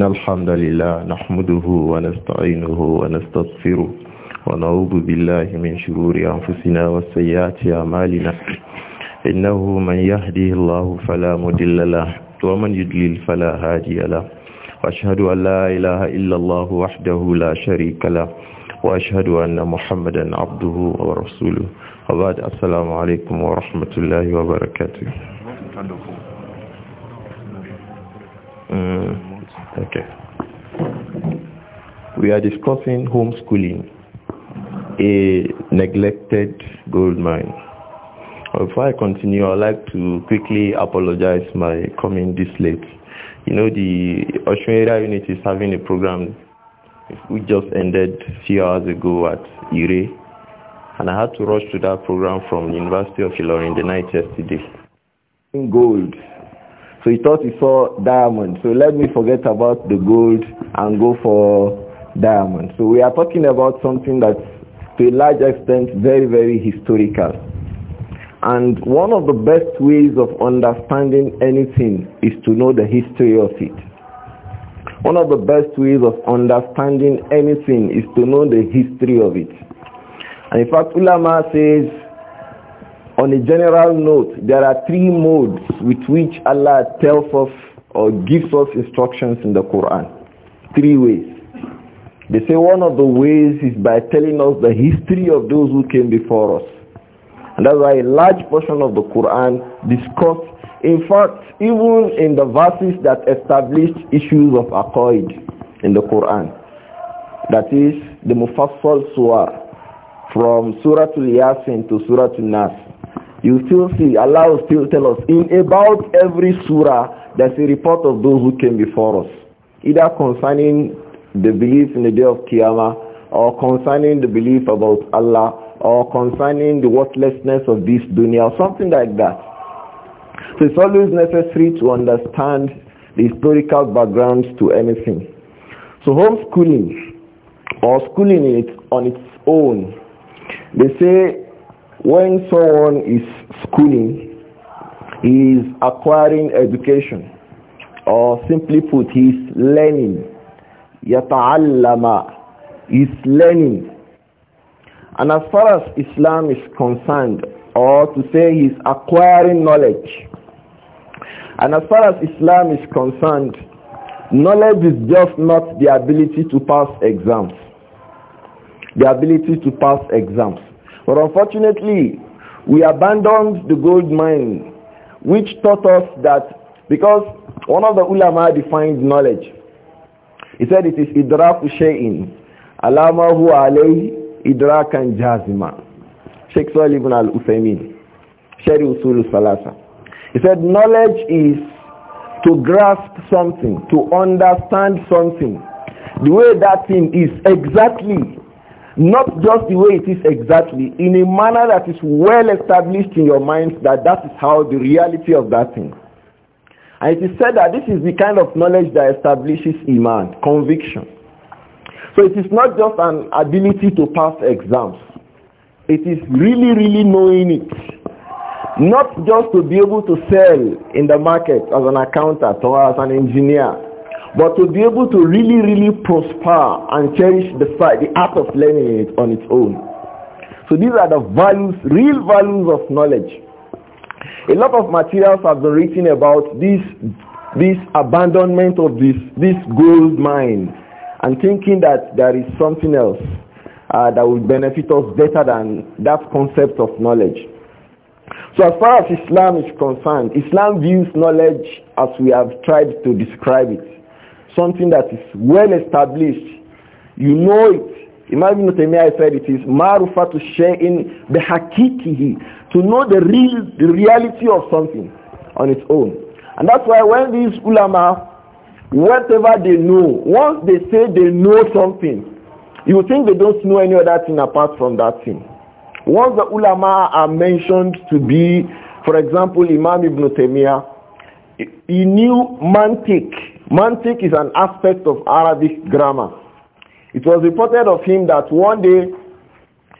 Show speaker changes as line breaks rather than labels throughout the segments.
إن الحمد لله نحمده ونستعينه ونستغفره ونعوذ بالله من شرور أنفسنا وسيئات أعمالنا إنه من يهده الله فلا مضل له ومن يضلل فلا هادي له وأشهد أن لا إله إلا الله وحده لا شريك له وأشهد أن محمدا عبده ورسوله وبعد السلام عليكم ورحمة الله وبركاته Mm. Okay. We are discussing homeschooling, a neglected gold mine. Before I continue, I'd like to quickly apologize my coming this late. You know, the Area unit is having a program which just ended a few hours ago at Ire, and I had to rush to that program from the University of Ilorin the night yesterday. Gold so he thought he saw diamond. So let me forget about the gold and go for diamond. So we are talking about something that's to a large extent very, very historical. And one of the best ways of understanding anything is to know the history of it. One of the best ways of understanding anything is to know the history of it. And in fact, ulama says on a general note, there are three modes with which Allah tells us or gives us instructions in the Quran. Three ways. They say one of the ways is by telling us the history of those who came before us. And that's why a large portion of the Quran discuss, in fact, even in the verses that establish issues of aqaid in the Quran. That is the Mufassal Surah from Surah Al-Yasin to Surah Al-Nas you still see Allah still tell us in about every surah there's a report of those who came before us either concerning the belief in the day of Qiyamah or concerning the belief about Allah or concerning the worthlessness of this dunya or something like that. So it's always necessary to understand the historical background to anything. So homeschooling or schooling it on its own, they say when someone is schooling, he is acquiring education, or simply put, he is learning. يَتَعَلَّمَ is learning. And as far as Islam is concerned, or to say he is acquiring knowledge, and as far as Islam is concerned, knowledge is just not the ability to pass exams. The ability to pass exams. But unfortunately, we abandoned the gold mine, which taught us that because one of the ulama defined knowledge. He said it is idraku shay'in alamahu alayhi idrakan jazima. Sheikh Saul ibn al-Uthaymeen, Shari Usul Salasa. He said knowledge is to grasp something, to understand something. The way that thing is exactly not just the way it is exactly, in a manner that is well established in your mind that that is how the reality of that thing. And it is said that this is the kind of knowledge that establishes iman, conviction. So it is not just an ability to pass exams. It is really, really knowing it. Not just to be able to sell in the market as an accountant or as an engineer but to be able to really, really prosper and cherish the, the art of learning it on its own. So these are the values, real values of knowledge. A lot of materials have been written about this, this abandonment of this, this gold mine and thinking that there is something else uh, that will benefit us better than that concept of knowledge. So as far as Islam is concerned, Islam views knowledge as we have tried to describe it something that is well established. You know it. Imam Ibn Taimiyah said it is marufatu shay'in bihaqiqihi. To know the real the reality of something on its own. And that's why when these ulama, whatever they know, once they say they know something, you think they don't know any other thing apart from that thing. Once the ulama are mentioned to be, for example, Imam Ibn Taymiyyah, he knew mantik, Mantik is an aspect of Arabic grammar. It was reported of him that one day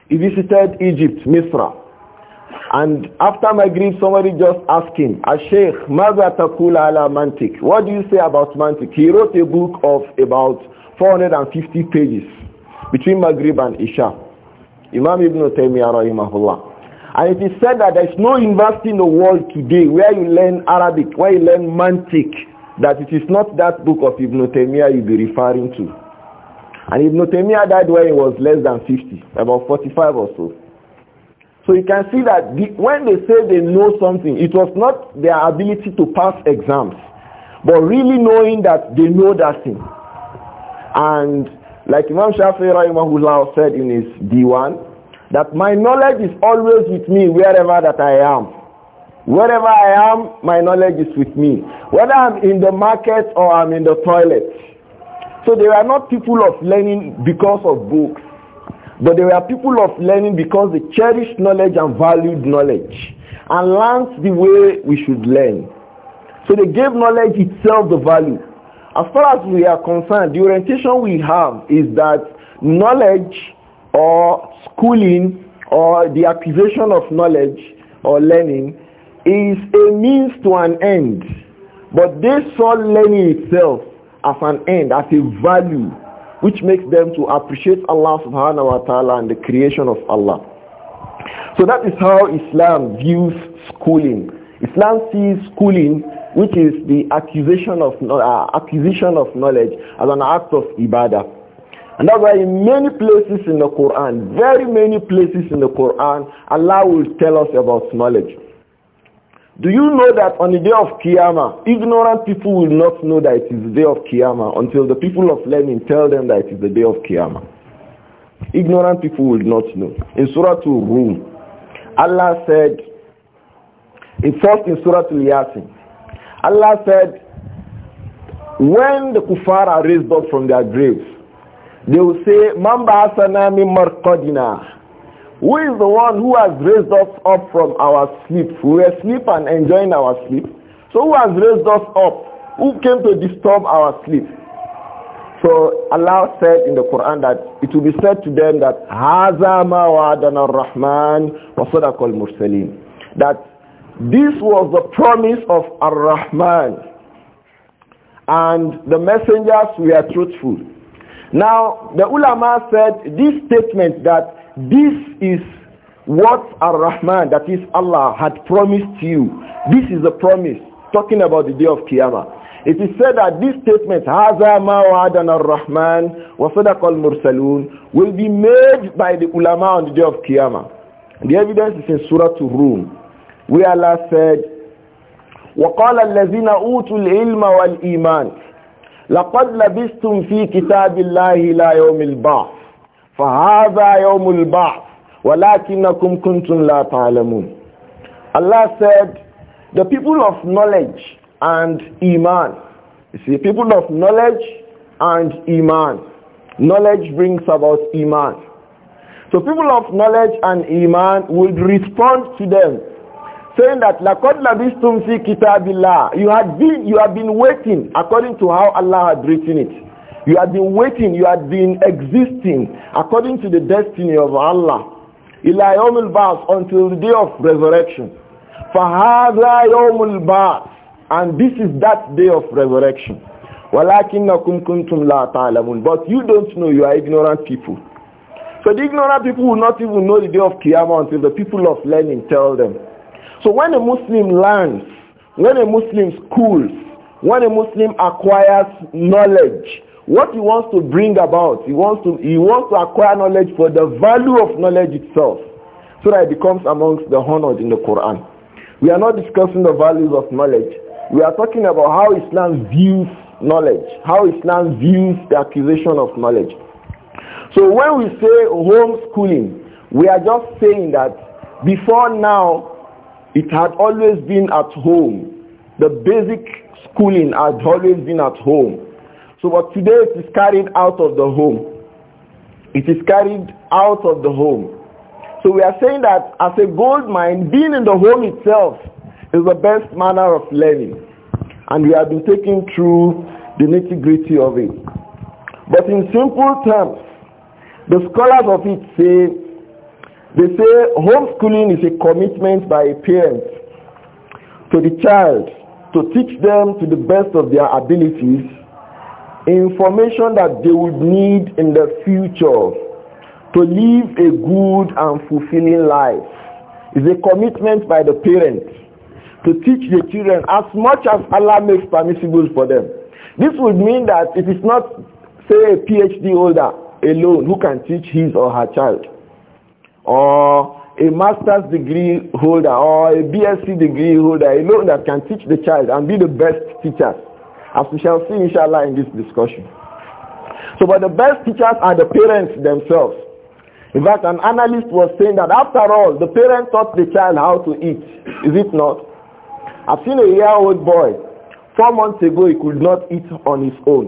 he visited Egypt, Misra. And after Maghrib, somebody just asked him, Sheikh, Maza Takula ala Mantik. What do you say about Mantik? He wrote a book of about 450 pages between Maghrib and Isha. Imam Ibn Taymiyyah rahimahullah. And it is said that there is no university in the world today where you learn Arabic, where you learn Mantik that it is not that book of Ibn Taymiyyah you'll be referring to. And Ibn Taymiyyah died when he was less than 50, about 45 or so. So you can see that the, when they say they know something, it was not their ability to pass exams, but really knowing that they know that thing. And like Imam Shafi'i Rahimahullah said in his D1, that my knowledge is always with me wherever that I am. Wherever I am, my knowledge is with me. Whether I'm in the market or I'm in the toilet. So they were not people of learning because of books, but they were people of learning because they cherished knowledge and valued knowledge and learned the way we should learn. So they gave knowledge itself the value. As far as we are concerned, the orientation we have is that knowledge or schooling or the acquisition of knowledge or learning is a means to an end. But they saw learning itself as an end, as a value, which makes them to appreciate Allah subhanahu wa ta'ala and the creation of Allah. So that is how Islam views schooling. Islam sees schooling, which is the acquisition of, uh, acquisition of knowledge, as an act of ibadah. And that's why in many places in the Quran, very many places in the Quran, Allah will tell us about knowledge. Do you know that on the day of Qiyamah, ignorant people will not know that it is the day of Qiyamah until the people of learning tell them that it is the day of Qiyamah? Ignorant people will not know. In Surah Al-Rum, Allah said, in first in Surah Al-Yasin, Allah said, when the kuffar are raised up from their graves, they will say, Mamba asana marqadina who is the one who has raised us up from our sleep? We were asleep and enjoying our sleep. So who has raised us up? Who came to disturb our sleep? So Allah said in the Quran that it will be said to them that Hazama ma wa'adana ar-Rahman wa sadaqa al-mursaleen. That this was the promise of ar-Rahman and the messengers were truthful. Now the ulama said this statement that this is what Ar-Rahman, that is Allah, had promised you. This is a promise, talking about the day of Qiyamah. It is said that this statement, هَذَا مَا وَعَدَنَا الرَّحْمَنُ وَصَدَقَ الْمُرْسَلُونَ will be made by the ulama on the day of Qiyamah. The evidence is in Surah Rum, where Allah said, وَقَالَ الَّذِينَ أُوتُوا الْعِلْمَ وَالْإِيمَانِ لَقَدْ لَبِسْتُمْ فِي كِتَابِ اللَّهِ لَا يَوْمِ الْبَعْثِ فَهَذَا يَوْمُ الْبَعْثِ وَلَكِنَّكُمْ كُنْتُمْ لَا تَعْلَمُونَ Allah said, the people of knowledge and iman. You see, people of knowledge and iman. Knowledge brings about iman. So people of knowledge and iman would respond to them saying that laqad labistum fi kitabillah you had been you have been waiting according to how Allah had written it you had been waiting, you had been existing according to the destiny of Allah. Ila yawmul ba'ath until the day of resurrection. فَهَذَا يَوْمُ And this is that day of resurrection. وَلَكِنَّكُمْ كُنْتُمْ la taalamun. But you don't know, you are ignorant people. So the ignorant people will not even know the day of Qiyamah until the people of learning tell them. So when a Muslim learns, when a Muslim schools, when a Muslim acquires knowledge, what he wants to bring about, he wants to, he wants to acquire knowledge for the value of knowledge itself so that it becomes amongst the honored in the Quran. We are not discussing the values of knowledge. We are talking about how Islam views knowledge, how Islam views the acquisition of knowledge. So when we say homeschooling, we are just saying that before now, it had always been at home. The basic schooling had always been at home. So but today it is carried out of the home. It is carried out of the home. So we are saying that as a gold mine, being in the home itself is the best manner of learning. And we have been taking through the nitty-gritty of it. But in simple terms, the scholars of it say, they say homeschooling is a commitment by a parent to the child to teach them to the best of their abilities information that they would need in the future to live a good and fulfilling life is a commitment by the parents to teach the children as much as Allah makes permissible for them. This would mean that it is not, say, a PhD holder alone who can teach his or her child, or a master's degree holder or a BSc degree holder alone that can teach the child and be the best teacher as we shall see inshallah in this discussion. So but the best teachers are the parents themselves. In fact, an analyst was saying that after all, the parent taught the child how to eat. Is it not? I've seen a year-old boy. Four months ago, he could not eat on his own.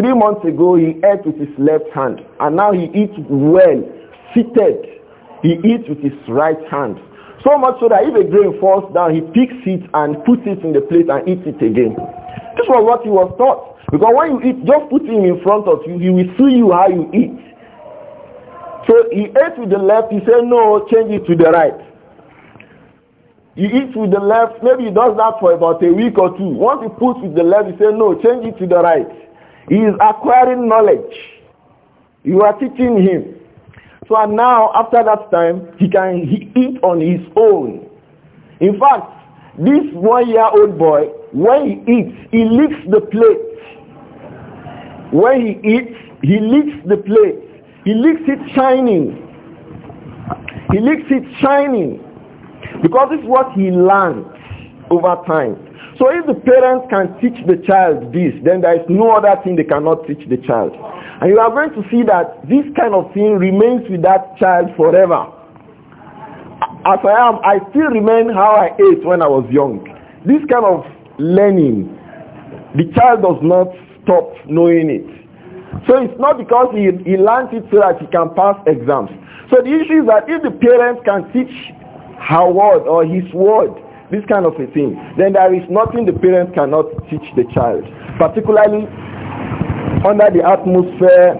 Three months ago, he ate with his left hand. And now he eats well, seated. He eats with his right hand. So much so that if a grain falls down, he picks it and puts it in the plate and eats it again. This was what he was taught. Because when you eat, just put him in front of you, he will see you how you eat. So he ate with the left, he said, no, change it to the right. You eat with the left, maybe he does that for about a week or two. Once he puts with the left, he said, no, change it to the right. He is acquiring knowledge. You are teaching him. So now, after that time, he can eat on his own. In fact, this one year old boy, when he eats, he licks the plate. When he eats, he licks the plate. He licks it shining. He licks it shining. Because it's what he learned over time. So if the parents can teach the child this, then there is no other thing they cannot teach the child. And you are going to see that this kind of thing remains with that child forever as I am, I still remain how I ate when I was young. This kind of learning, the child does not stop knowing it. So it's not because he, he learns it so that he can pass exams. So the issue is that if the parents can teach her word or his word, this kind of a thing, then there is nothing the parents cannot teach the child, particularly under the atmosphere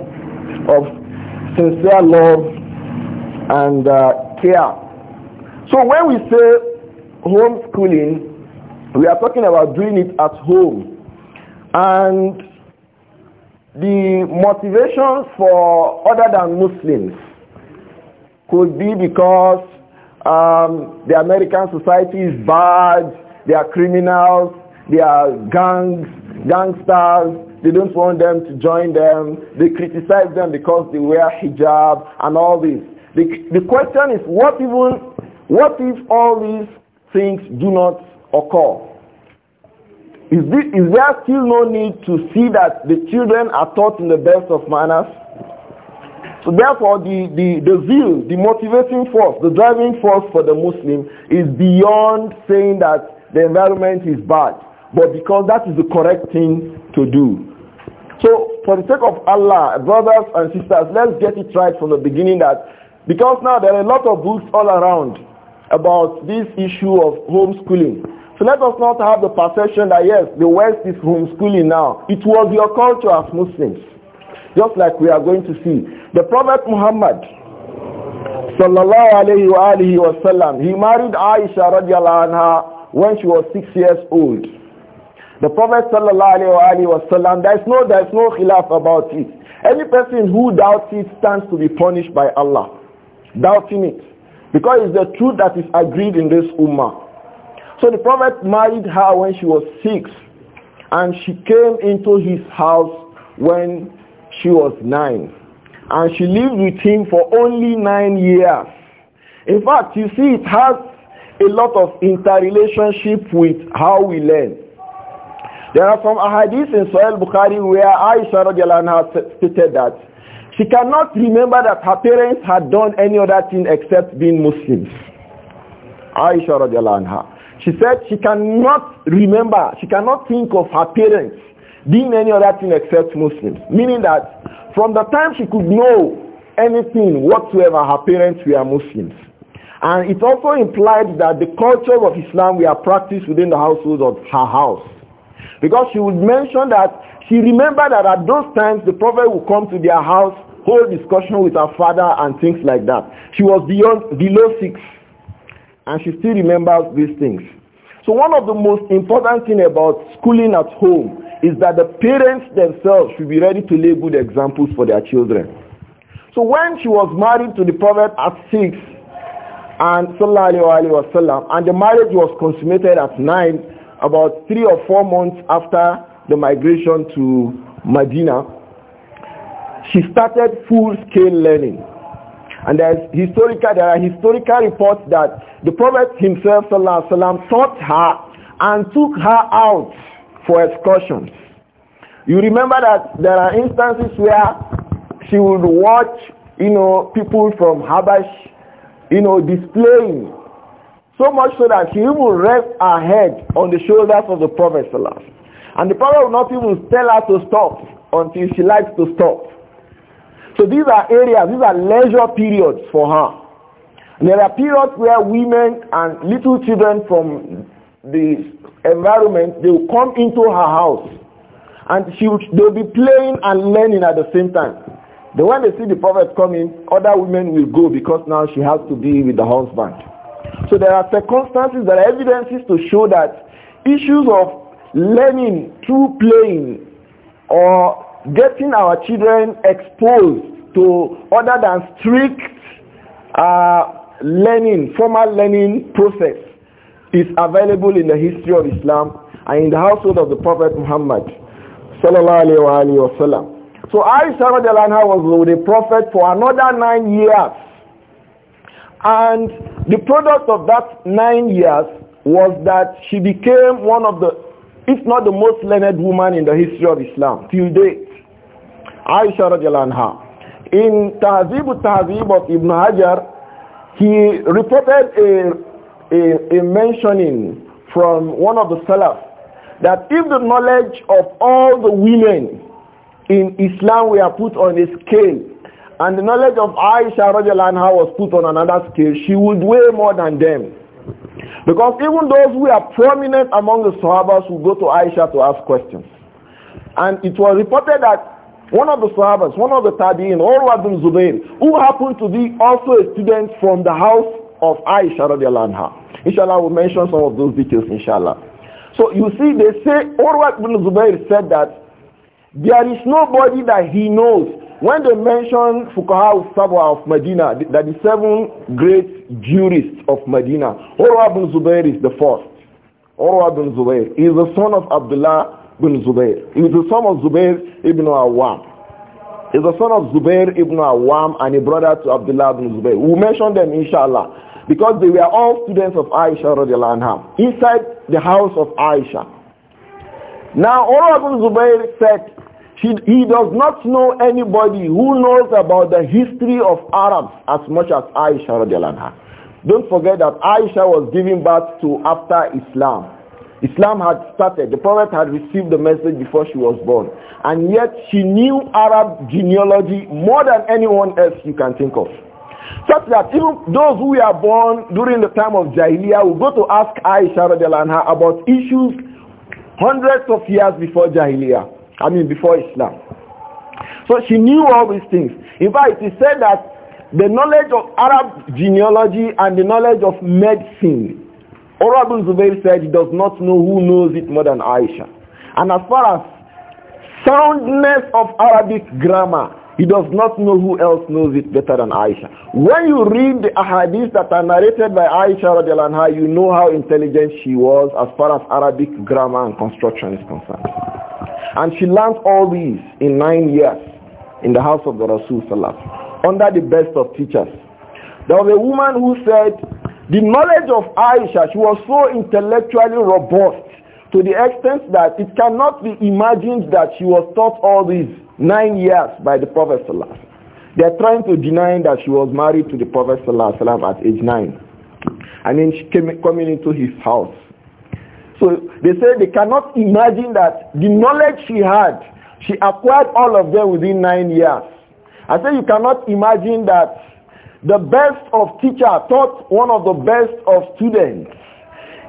of sincere love and uh, care so when we say homeschooling, we are talking about doing it at home. And the motivations for other than Muslims could be because um, the American society is bad, they are criminals, they are gangs, gangsters, they don't want them to join them, they criticize them because they wear hijab and all this. The, the question is what even what if all these things do not occur? Is, this, is there still no need to see that the children are taught in the best of manners? So therefore, the, the, the zeal, the motivating force, the driving force for the Muslim is beyond saying that the environment is bad, but because that is the correct thing to do. So for the sake of Allah, brothers and sisters, let's get it right from the beginning that because now there are a lot of books all around about this issue of homeschooling. So let us not have the perception that yes, the West is homeschooling now. It was your culture as Muslims. Just like we are going to see. The Prophet Muhammad sallallahu alayhi wa wasallam, he married Aisha radiallahu anha when she was six years old. The Prophet sallallahu alayhi wa wasallam, there is no, there is no khilaf about it. Any person who doubts it stands to be punished by Allah. Doubting it. Because it's the truth that is agreed in this ummah. So the Prophet married her when she was six and she came into his house when she was nine. And she lived with him for only nine years. In fact, you see, it has a lot of interrelationship with how we learn. There are some ahadith in Sahih Bukhari where Aisha radiallahu stated that she cannot remember that her parents had done any other thing except being Muslims. Aisha radiallahu anha. She said she cannot remember, she cannot think of her parents being any other thing except Muslims. Meaning that from the time she could know anything whatsoever, her parents were Muslims. And it also implied that the culture of Islam were practiced within the household of her house. Because she would mention that she remembered that at those times the prophet would come to their house, hold discussion with her father and things like that. She was beyond, below six and she still remembers these things. So one of the most important thing about schooling at home is that the parents themselves should be ready to lay good examples for their children. So when she was married to the Prophet at six, and and the marriage was consummated at nine, about three or four months after the migration to Medina, she started full-scale learning. And there's historical, there are historical reports that the Prophet himself Wasallam, taught her and took her out for excursions. You remember that there are instances where she would watch, you know, people from Habash, you know, displaying. So much so that she would rest her head on the shoulders of the Prophet. Sallallahu and the Prophet will not even tell her to stop until she likes to stop. So these are areas, these are leisure periods for her. And there are periods where women and little children from the environment, they will come into her house and she will, they'll be playing and learning at the same time. The when they see the prophet coming, other women will go because now she has to be with the husband. So there are circumstances, there are evidences to show that issues of learning through playing or getting our children exposed to other than strict uh, learning, formal learning process is available in the history of Islam and in the household of the Prophet Muhammad sallallahu alaihi wasallam. So Aisha anha was with the Prophet for another nine years. And the product of that nine years was that she became one of the if not the most learned woman in the history of Islam till date. Aisha radiallahu In Tahzib al-Tahzib of Ibn Hajar, he reported a, a, a mentioning from one of the Salaf that if the knowledge of all the women in Islam were put on a scale and the knowledge of Aisha radiallahu was put on another scale, she would weigh more than them. Because even those who are prominent among the Sahabas will go to Aisha to ask questions. And it was reported that one of the Sahabas, one of the Tabi'in, Urwa bin Zubayr, who happened to be also a student from the house of Aisha radiallahu anha. Inshallah, we'll mention some of those details, inshallah. So you see, they say, Urwa bin Zubair said that there is nobody that he knows. When they mention Fuqaha al-Sabwa of Medina, that the seven great Jurists of Medina. Urwa bin Zubair is the first. Urwa bin Zubair is the son of Abdullah bin Zubair. He is the son of Zubair ibn Awam. He is the son of Zubair ibn Awam and a brother to Abdullah bin Zubair. we mentioned mention them inshallah because they were all students of Aisha radiallahu anha inside the house of Aisha. Now Urwa bin Zubair said he, he, does not know anybody who knows about the history of Arabs as much as Aisha radiallahu anha. Don't forget that Aisha was giving birth to after Islam. Islam had started. The Prophet had received the message before she was born. And yet she knew Arab genealogy more than anyone else you can think of. Such that even those who were born during the time of Jahiliyyah will go to ask Aisha anha about issues hundreds of years before Jahiliyyah. I mean before Islam. So she knew all these things. In fact, it is said that the knowledge of Arab genealogy and the knowledge of medicine. Urwa ibn Zubayr said he does not know who knows it more than Aisha. And as far as soundness of Arabic grammar, he does not know who else knows it better than Aisha. When you read the ahadith that are narrated by Aisha anha, you know how intelligent she was as far as Arabic grammar and construction is concerned. And she learned all these in nine years in the house of the Rasul Sallallahu under the best of teachers. There was a woman who said the knowledge of Aisha, she was so intellectually robust to the extent that it cannot be imagined that she was taught all these nine years by the Prophet They are trying to deny that she was married to the Prophet at age nine. And then she came coming into his house. So they say they cannot imagine that the knowledge she had, she acquired all of them within nine years. I say you cannot imagine that the best of teacher taught one of the best of students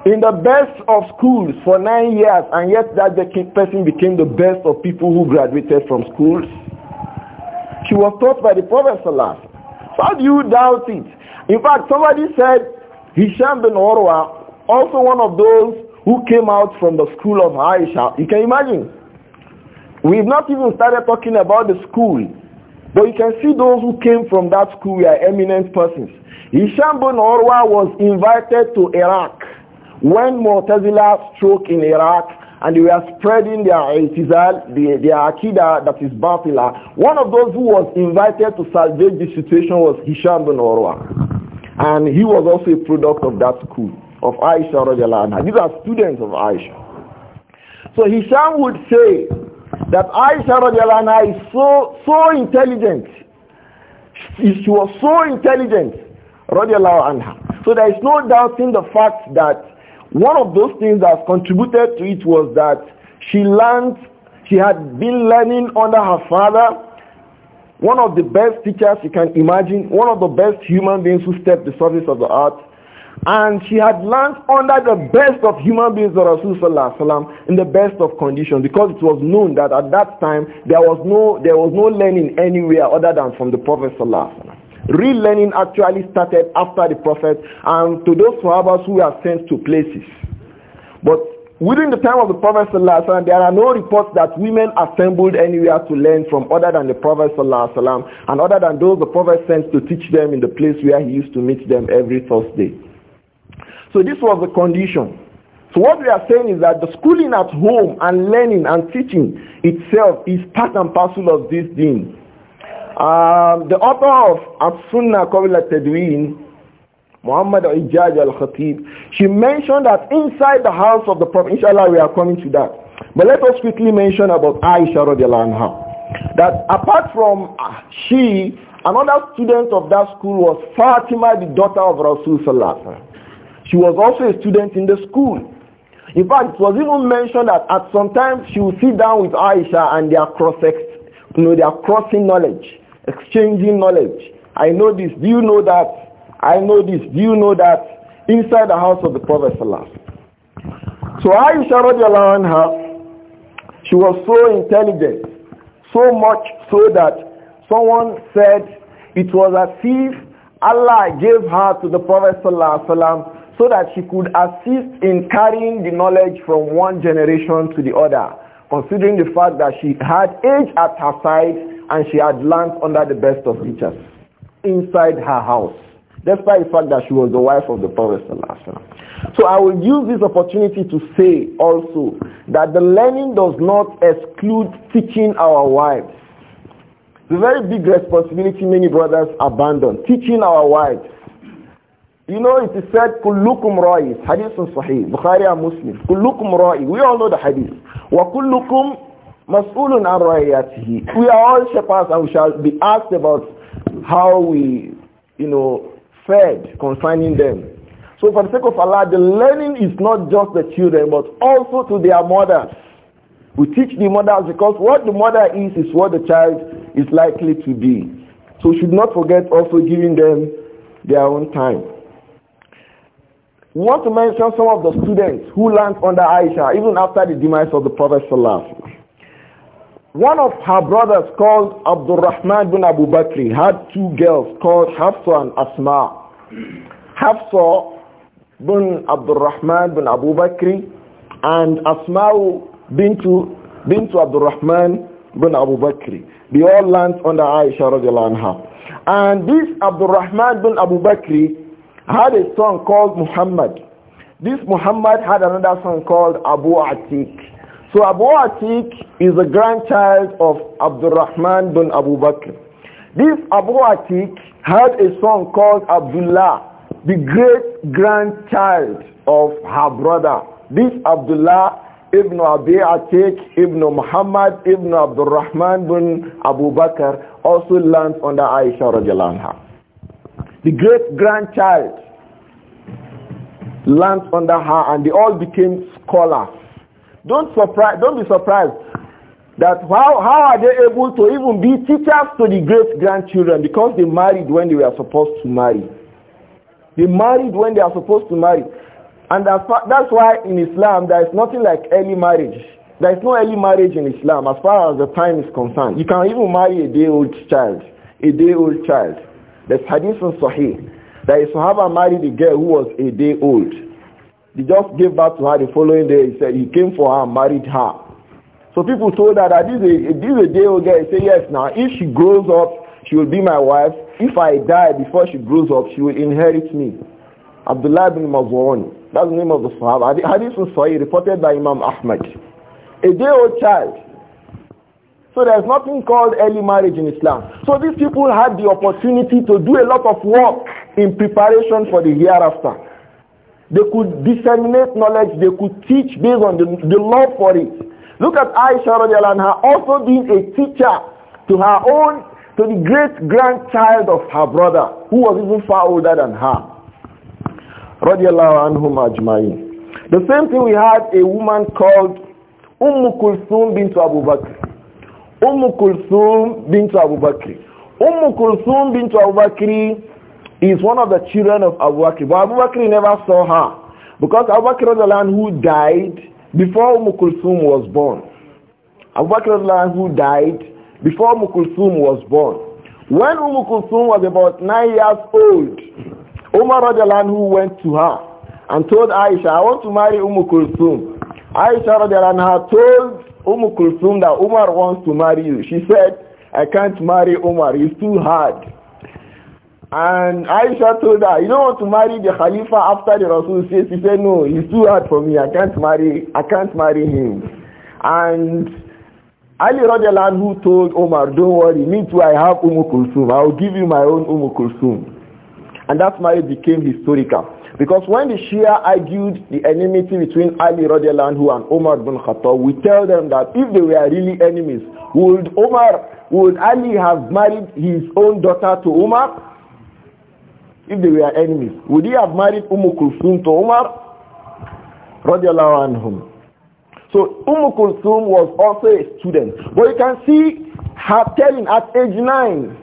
in the best of schools for nine years and yet that person became the best of people who graduated from schools. She was taught by the Prophet Salah. So how do you doubt it? In fact, somebody said Hisham bin Orwa, also one of those who came out from the school of Aisha. You can imagine. We've not even started talking about the school. But you can see those who came from that school were eminent persons. Hisham bin Orwa was invited to Iraq when Mu'tazila struck in Iraq and they were spreading their itizal, their, akida that is Bafila. One of those who was invited to salvage the situation was Hisham bin Orwa. And he was also a product of that school, of Aisha radiallahu These are students of Aisha. So Hisham would say, that Aisha radiallahu is so, so intelligent. She, she was so intelligent anha. So there is no doubting the fact that one of those things that contributed to it was that she learned, she had been learning under her father, one of the best teachers you can imagine, one of the best human beings who stepped the surface of the earth, and she had learned under the best of human beings, the Rasulullah in the best of conditions because it was known that at that time there was no, there was no learning anywhere other than from the Prophet Real learning actually started after the Prophet and to those Sahabas who were sent to places. But within the time of the Prophet there are no reports that women assembled anywhere to learn from other than the Prophet and other than those the Prophet sent to teach them in the place where he used to meet them every Thursday. So this was the condition. So what we are saying is that the schooling at home and learning and teaching itself is part and parcel of this thing. Um, the author of As-Sunnah Qabla Tadween, Muhammad Ijaj al-Khatib, she mentioned that inside the house of the Prophet, inshallah we are coming to that. But let us quickly mention about Aisha radiallahu anha, that apart from uh, she, another student of that school was Fatima, the daughter of Rasul sallallahu she was also a student in the school. In fact, it was even mentioned that at some time she would sit down with Aisha and their cross you know, their crossing knowledge, exchanging knowledge. I know this, do you know that? I know this, do you know that? Inside the house of the Prophet So Aisha radiallahu anha, she was so intelligent, so much so that someone said it was as if Allah gave her to the Prophet sallallahu so that she could assist in carrying the knowledge from one generation to the other, considering the fact that she had age at her side and she had learned under the best of teachers inside her house, despite the fact that she was the wife of the Prophet. So I will use this opportunity to say also that the learning does not exclude teaching our wives. The very big responsibility many brothers abandon, teaching our wives. You know it is said, كلكم ra'i. Hadith Sahih, Bukhari and Muslim. كلكم ra'i. We all know the hadith. وكلكم مسؤول عن رعيته. We are all shepherds and we shall be asked about how we, you know, fed concerning them. So for the sake of Allah, the learning is not just the children, but also to their mothers. We teach the mothers because what the mother is, is what the child is likely to be. So we should not forget also giving them their own time. We want to mention some of the students who learned under Aisha, even after the demise of the Prophet Sallallahu One of her brothers called Abdul Rahman bin Abu Bakr had two girls called Hafsa and Asma. Hafsa bin Abdul Rahman bin Abu Bakr and Asma bintu, bintu Abdul Rahman bin Abu Bakr. They all learned under Aisha radiallahu anha. And this Abdul Rahman bin Abu Bakr had a son called Muhammad. This Muhammad had another son called Abu Atik. So Abu Atik is the grandchild of Abdurrahman bin Abu Bakr. This Abu Atik had a son called Abdullah, the great grandchild of her brother. This Abdullah ibn Abi Atik ibn Muhammad ibn Abdurrahman bin Abu Bakr also learned under Aisha radiallahu anha. The great grandchild learned under her and they all became scholars. Don't, surprise, don't be surprised that how, how are they able to even be teachers to the great grandchildren because they married when they were supposed to marry. They married when they are supposed to marry. And that's, that's why in Islam there is nothing like early marriage. There is no early marriage in Islam as far as the time is concerned. You can even marry a day-old child, a day-old child. There's hadith in Sahih that a Sahaba married a girl who was a day old. They just gave birth to her the following day. He said he came for her and married her. So people told her that this is a, day old girl. He said, yes, now if she grows up, she will be my wife. If I die before she grows up, she will inherit me. Abdullah bin Mazwan. That's the name of the Sahaba. Hadith in Sahih reported by Imam Ahmad. A day old child so there's nothing called early marriage in Islam. So these people had the opportunity to do a lot of work in preparation for the hereafter. They could disseminate knowledge. They could teach based on the, the love for it. Look at Aisha anha also being a teacher to her own, to the great grandchild of her brother, who was even far older than her. Radiallahu Anhu ajma'in. The same thing we had a woman called Umm Kulthum bint Abu Bakr. Umukulsum Kulthum bint Abu Bakri. Umm Kulthum bint Abu is one of the children of Abu Bakri. But Abu Bakri never saw her because Abu Bakr who died before Umukulsum Kulthum was born. Abu Bakr who died before Umukulsum Kulthum was born. When Umukulsum Kulthum was about nine years old, Umar who went to her and told Aisha, I want to marry Umm Kulthum. Aisha told Umm Kulsum that Umar wants to marry you. She said, I can't marry Umar. He's too hard. And Aisha told her, you don't want to marry the Khalifa after the Rasul says, she said, no, he's too hard for me. I can't marry, I can't marry him. And Ali Rajalan who told Omar, don't worry, me too, I have Umm Kulsum. I'll give you my own Umm Kulsum. And that marriage became historical. Because when the Shia argued the enmity between Ali radiallahu and Omar bin Khattab, we tell them that if they were really enemies, would Omar, would Ali have married his own daughter to Omar? If they were enemies, would he have married Umm Kulthum to Omar? Radiallahu anhum. So Umm Kulthum was also a student. But you can see her telling at age 9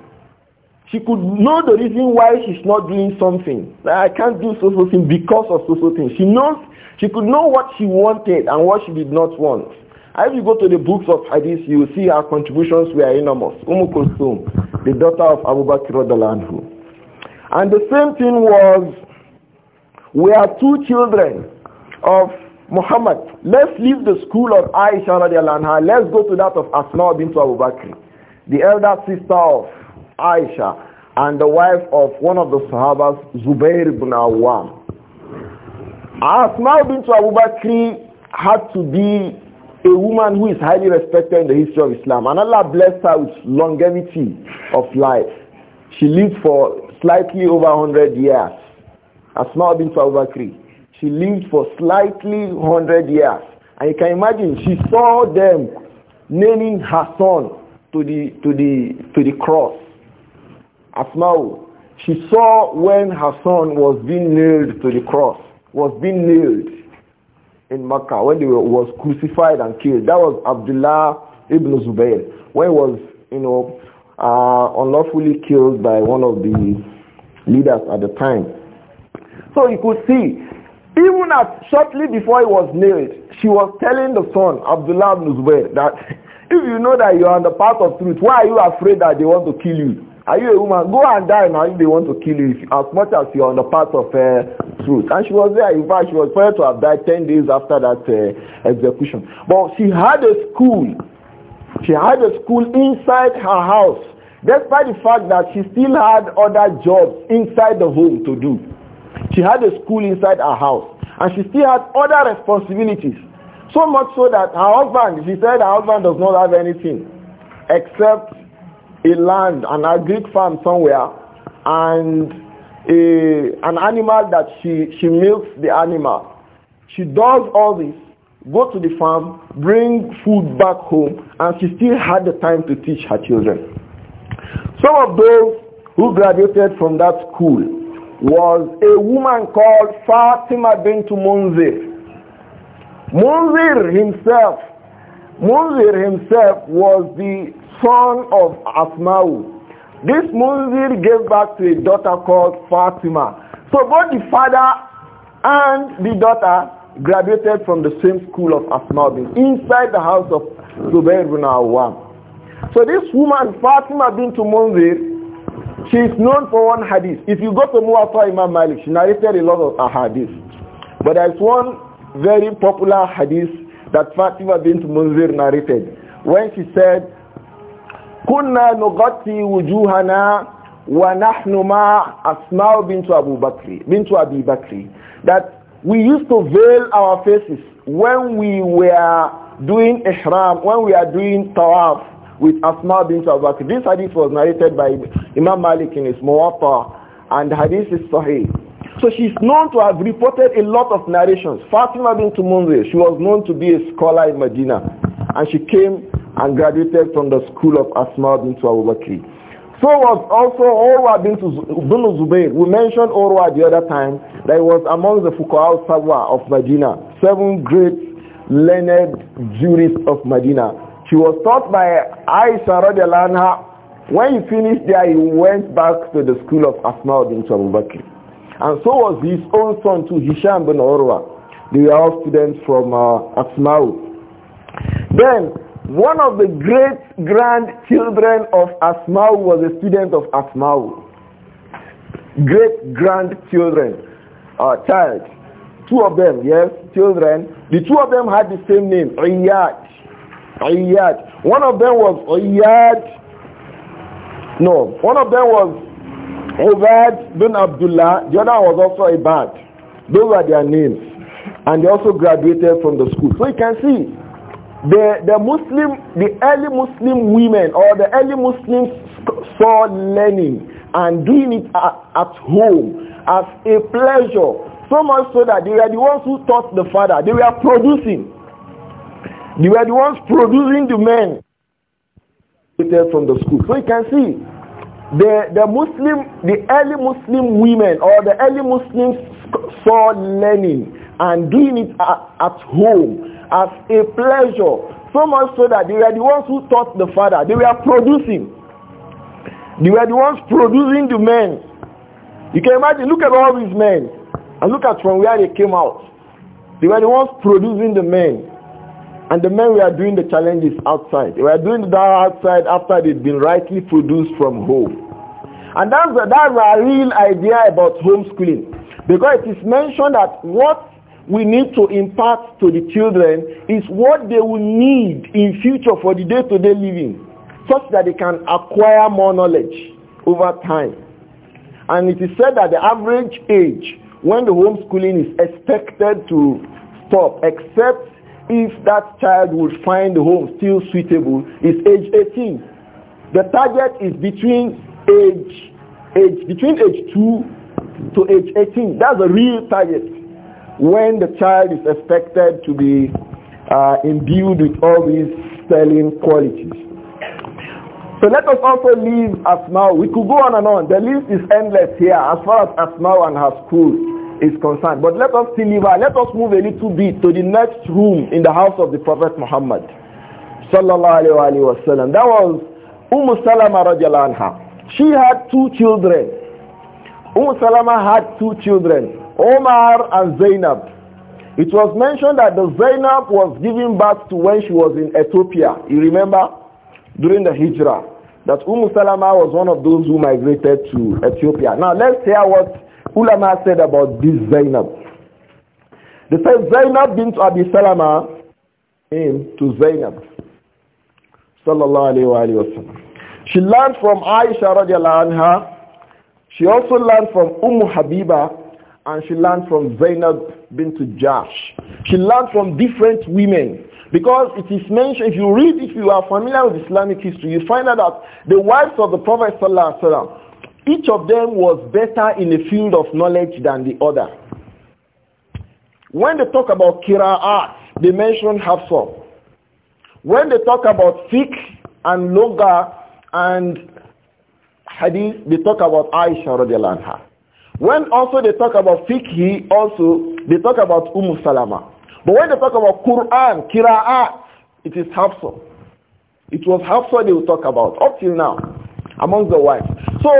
she could know the reason why she's not doing something. I can't do so so thing because of so so thing. She knows she could know what she wanted and what she did not want. As you go to the books of Hadith, you will see her contributions were enormous. Umu Kulthum, the daughter of Abu Bakr Anhu. And the same thing was, we are two children of Muhammad. Let's leave the school of Aisha radiallahu anha. Let's go to that of Asma bint Abu Bakr, the elder sister of Aisha and the wife of one of the Sahabas, Zubair ibn Awam. Asma bint Abu Bakr had to be a woman who is highly respected in the history of Islam. And Allah blessed her with longevity of life. She lived for slightly over 100 years. Asma bint Abu Bakr. She lived for slightly 100 years. And you can imagine, she saw them naming her son to the, to the, to the cross. Asma'u, she saw when her son was being nailed to the cross, was being nailed in Makkah, when he was crucified and killed. That was Abdullah ibn Zubayr, when he was, you know, uh, unlawfully killed by one of the leaders at the time. So you could see, even as shortly before he was nailed, she was telling the son, Abdullah ibn Zubayr, that if you know that you are on the path of truth, why are you afraid that they want to kill you? Are you a woman? Go and die now if they want to kill you as much as you're on the path of uh, truth. And she was there. In fact, she was prepared to have died 10 days after that uh, execution. But she had a school. She had a school inside her house. Despite the fact that she still had other jobs inside the home to do. She had a school inside her house. And she still had other responsibilities. So much so that her husband, she said her husband does not have anything except a land, an agric farm somewhere, and a, an animal that she, she milks the animal. She does all this, go to the farm, bring food back home, and she still had the time to teach her children. Some of those who graduated from that school was a woman called Fatima bint Munzir. Munzir himself, Munzir himself was the son of Asma'u. This Munzir gave birth to a daughter called Fatima. So both the father and the daughter graduated from the same school of Asmau. inside the house of Zubair bin Awam. So this woman, Fatima bin Munzir, she is known for one hadith. If you go to Muwatta Imam Malik, she narrated a lot of hadiths. But there is one very popular hadith that Fatima bin Munzir narrated when she said, كنا نغطي وجوهنا ونحن مع أسماء بنت أبو بكر بنت أبي بكر that we used to veil our faces when we were doing ihram when we are doing tawaf with Asma bint Abu Bakri. this hadith was narrated by Imam Malik in his Muwatta and hadith is sahih so she's known to have reported a lot of narrations Fatima bint Munzir she was known to be a scholar in Medina and she came and graduated from the school of Asma into Abu Bakr. So was also Orwa bin Zubayr. We mentioned Orwa the other time that he was among the Fuqaha Sawa of Medina, seven great learned jurists of Medina. She was taught by Aisha radiallahu anha. When he finished there, he went back to the school of Asma bin Abu And so was his own son too, Hisham bin Orwa. They were all students from uh, then, one of the great grandchildren of Asmau was a student of Asmau. Great grandchildren, uh, child. Two of them, yes, children. The two of them had the same name, Iyad. Iyad. One of them was Iyad. No, one of them was Obad bin Abdullah. The other was also Ibad. Those were their names. And they also graduated from the school. So you can see, the the Muslim, the early Muslim women or the early Muslims saw learning and doing it at, at home as a pleasure. So much so that they were the ones who taught the father. They were producing. They were the ones producing the men from the school. So you can see the the Muslim, the early Muslim women or the early Muslims saw learning and doing it at, at home as a pleasure. So much so that they were the ones who taught the father. They were producing. They were the ones producing the men. You can imagine, look at all these men. And look at from where they came out. They were the ones producing the men. And the men were doing the challenges outside. They were doing that outside after they'd been rightly produced from home. And that's, that's a real idea about homeschooling. Because it is mentioned that what we need to impart to the children is what they will need in future for the day-to-day living such that they can acquire more knowledge over time. And it is said that the average age when the homeschooling is expected to stop, except if that child would find the home still suitable, is age 18. The target is between age, age, between age 2 to age 18. That's a real target when the child is expected to be uh, imbued with all these sterling qualities. So let us also leave Asma. We could go on and on. The list is endless here as far as Asma and her school is concerned. But let us still leave her. Let us move a little bit to the next room in the house of the Prophet Muhammad. Sallallahu That was Umm Salama radiallahu anha. She had two children. Umm Salama had two children. Omar and Zainab. It was mentioned that the Zainab was given birth to when she was in Ethiopia. You remember? During the Hijrah. That Umm Salama was one of those who migrated to Ethiopia. Now let's hear what Ulama said about this Zainab. They said Zainab bin Abi Salama came to Zainab. Sallallahu alayhi wa, alayhi She learned from Aisha radiallahu anha. She also learned from Umm Habiba and she learned from Zainab bin Josh. She learned from different women because it is mentioned, if you read, if you are familiar with Islamic history, you find out that the wives of the Prophet ﷺ, each of them was better in a field of knowledge than the other. When they talk about Kira'at, they mention Hafsa. When they talk about fiqh and loga and hadith, they talk about Aisha radiallahu anha. When also they talk about fiqh, also they talk about Umm Salama. But when they talk about Quran, Qira'at, it is Hafsa. It was Hafsa they will talk about up till now among the wives. So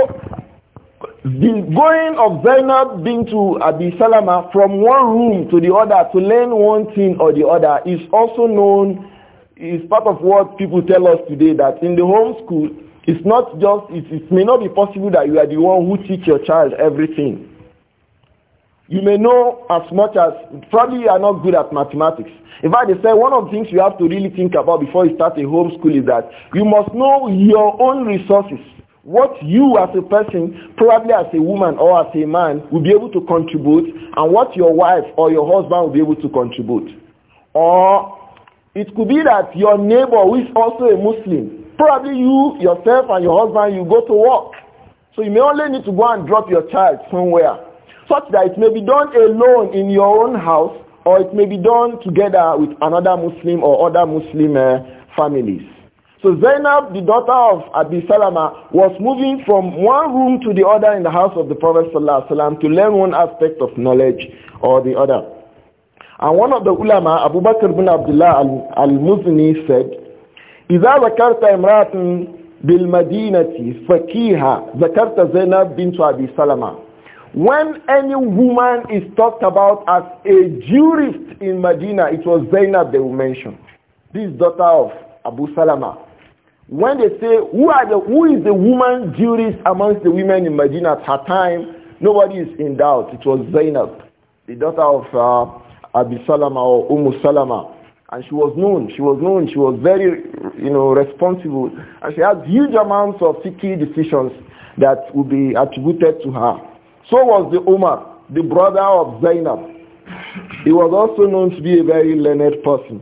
the going of Zainab to Abi Salama from one room to the other to learn one thing or the other is also known, is part of what people tell us today that in the home school, it's not just, it, it may not be possible that you are the one who teach your child everything. You may know as much as, probably you are not good at mathematics. In fact, they say one of the things you have to really think about before you start a homeschool is that you must know your own resources. What you as a person, probably as a woman or as a man, will be able to contribute and what your wife or your husband will be able to contribute. Or it could be that your neighbor who is also a Muslim Probably you, yourself, and your husband, you go to work. So you may only need to go and drop your child somewhere such that it may be done alone in your own house or it may be done together with another Muslim or other Muslim uh, families. So Zainab, the daughter of Abi Salama, was moving from one room to the other in the house of the Prophet ﷺ to learn one aspect of knowledge or the other. And one of the ulama, Abu Bakr ibn Abdullah al-Muzni said, إذا ذكرت امرأة بالمدينة فكيها ذكرت زينب بنت أبي سلمة When any woman is talked about as a jurist in Medina, it was Zainab they will mention. This daughter of Abu Salama. When they say, who, are the, who is the woman jurist amongst the women in Medina at her time, nobody is in doubt. It was Zainab, the daughter of uh, Abu Salama or Umm Salama. And she was known, she was known, she was very, you know, responsible. And she had huge amounts of key decisions that would be attributed to her. So was the Umar, the brother of Zainab. He was also known to be a very learned person.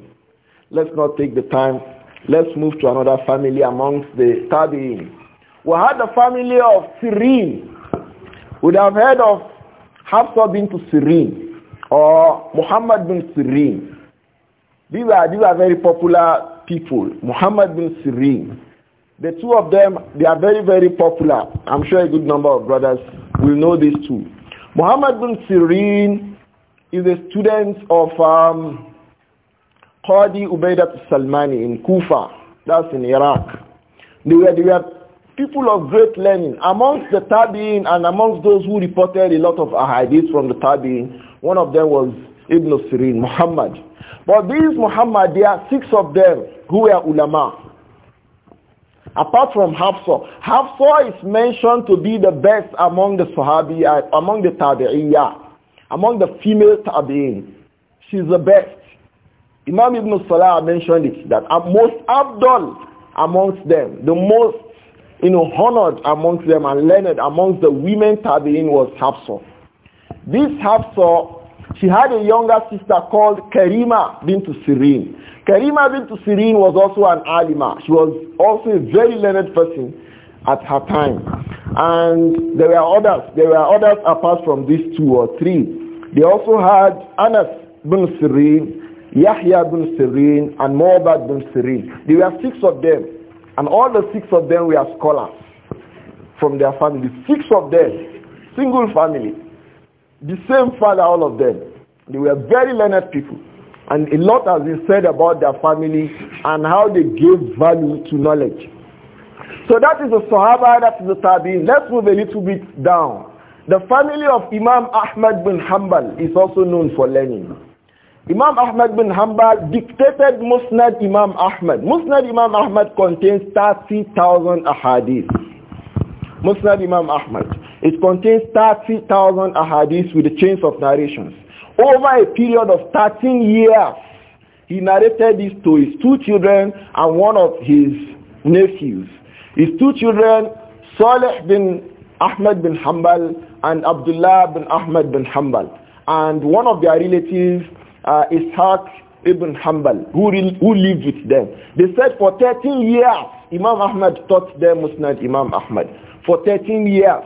Let's not take the time. Let's move to another family amongst the Tabi'in. We had the family of Sirin. Would have heard of Hafsa bin Sirin or Muhammad bin Sirin. These are, these are very popular people, Muhammad bin Sirin. The two of them, they are very, very popular. I'm sure a good number of brothers will know these two. Muhammad bin Sirin is a student of um, Qadi Ubaidat Salmani in Kufa, that's in Iraq. They were, they were people of great learning. Amongst the Tabi'in and amongst those who reported a lot of ahadith from the Tabi'in, one of them was Ibn Sirin, Muhammad. But these Muhammad, there are six of them who were ulama. Apart from Hafsa, Hafsa is mentioned to be the best among the Sahabiya, uh, among the Tabi'iyya, among the female Tabi'in. She's the best. Imam Ibn Salah mentioned it, that most Abdul amongst them, the most you know, honored amongst them and learned amongst the women Tabi'in was Hafsa. This Hafsa she had a younger sister called Karima bint Sirin. Karima bint Sirin was also an alima. She was also a very learned person at her time. And there were others. There were others apart from these two or three. They also had Anas bin Sirin, Yahya bin Sirin, and Mu'abad bin Sirin. There were six of them. And all the six of them were scholars from their families. Six of them, single family. The same father, all of them. They were very learned people. And a lot has been said about their family and how they gave value to knowledge. So that is the Sahaba, that is the Tabi'in. Let's move a little bit down. The family of Imam Ahmad bin Hanbal is also known for learning. Imam Ahmad bin Hanbal dictated Musnad Imam Ahmad. Musnad Imam Ahmad contains 30,000 ahadith. Musnad Imam Ahmad. It contains 30,000 ahadith with the chains of narrations. Over a period of 13 years, he narrated this to his two children and one of his nephews. His two children, Saleh bin Ahmed bin Hanbal and Abdullah bin Ahmed bin Hanbal. And one of their relatives, uh, Ishaq ibn Hanbal, who, who lived with them. They said for 13 years, Imam Ahmad taught them Musnad Imam Ahmad. For 13 years.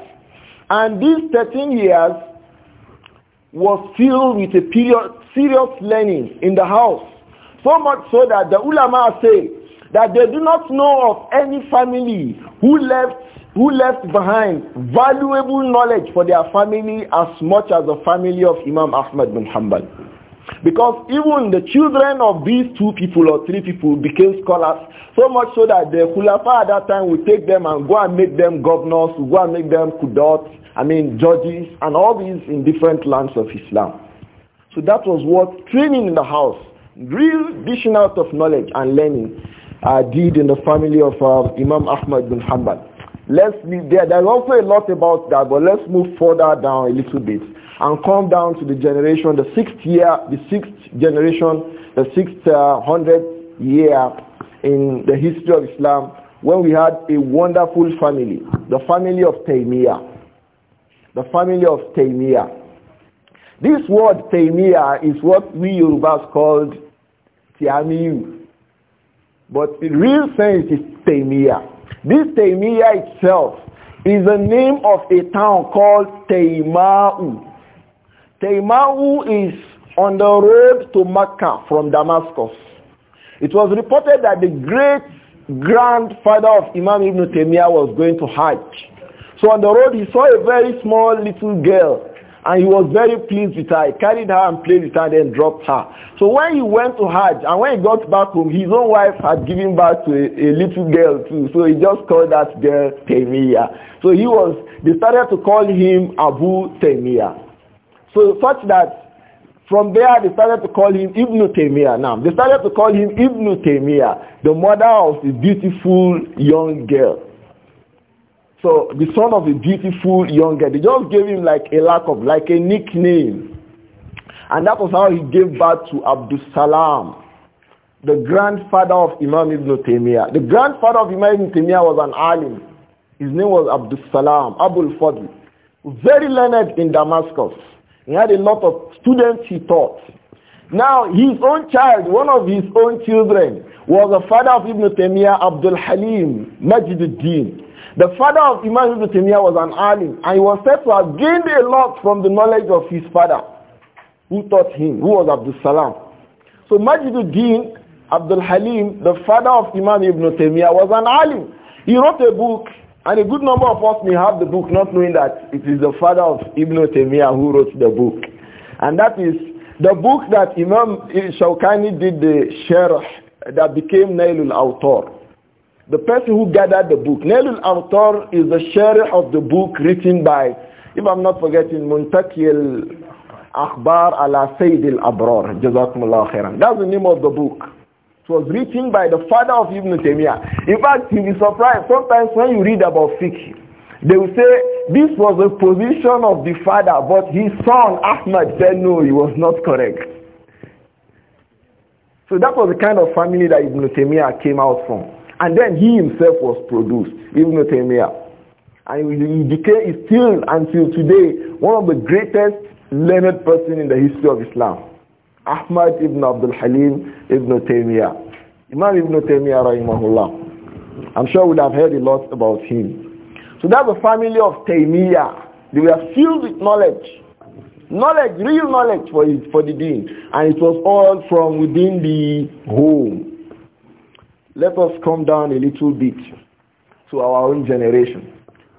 And these 13 years was filled with a period, serious learning in the house. So much so that the ulama say that they do not know of any family who left, who left behind valuable knowledge for their family as much as the family of Imam Ahmad bin Hanbal. Because even the children of these two people or three people became scholars, so much so that the Khulafa at that time would take them and go and make them governors, go and make them kudats, I mean judges and all these in different lands of Islam. So that was what training in the house, real dishing out of knowledge and learning uh, did in the family of uh, Imam Ahmad bin Hanbal. Let's leave there. There's also a lot about that, but let's move further down a little bit and come down to the generation, the sixth year, the sixth generation, the sixth uh, year in the history of Islam when we had a wonderful family, the family of Taymiyyah the family of Taimiyah. This word Taimiyah is what we Yorubas called Tiamiu, But in real sense it's Taimiyah. This Taimiyah itself is the name of a town called Taimau. Taimau is on the road to Mecca from Damascus. It was reported that the great grandfather of Imam Ibn Taymiyyah was going to Hajj. So on the road he saw a very small little girl and he was very pleased with her. He carried her and played with her and then dropped her. So when he went to Hajj and when he got back home, his own wife had given birth to a, a little girl too. So he just called that girl Temiya. So he was, they started to call him Abu Temiya. So such that from there they started to call him Ibn Taymiyyah now. They started to call him Ibn Taymiyyah, the mother of the beautiful young girl. So the son of a beautiful young girl, they just gave him like a lack of, like a nickname. And that was how he gave birth to Abdul Salam, the grandfather of Imam Ibn Taymiyyah. The grandfather of Imam Ibn Taymiyyah was an alim. His name was Abdul Salam, Abul Fadl. Very learned in Damascus. He had a lot of students he taught. Now, his own child, one of his own children, was the father of Ibn Taymiyyah, Abdul Halim Majiduddin. The father of Imam Ibn Taymiyyah was an alim and he was said to have gained a lot from the knowledge of his father who taught him, who was Abdul Salam. So Din Abdul Halim, the father of Imam Ibn Taymiyyah, was an alim. He wrote a book and a good number of us may have the book not knowing that it is the father of Ibn Taymiyyah who wrote the book. And that is the book that Imam Shawkani did the sharh that became Nailul Autor the person who gathered the book. Nailul Autor is the share of the book written by, if I'm not forgetting, Muntaki al ala Sayyid al-Abrar. Jazakumullah khairan. That's the name of the book. It was written by the father of Ibn Taymiyyah. In fact, you'll be surprised. Sometimes when you read about fiqh, they will say, this was the position of the father, but his son, Ahmad, said, no, he was not correct. So that was the kind of family that Ibn Taymiyyah came out from. And then he himself was produced, Ibn Taymiyyah. And he became still until today one of the greatest learned person in the history of Islam. Ahmad ibn Abdul Halim ibn Taymiyyah. Imam ibn Taymiyyah rahimahullah. I'm sure we'd have heard a lot about him. So that's the family of Taymiyyah. They were filled with knowledge. Knowledge, real knowledge for, it, for the deen. And it was all from within the home. Let us come down a little bit to our own generation.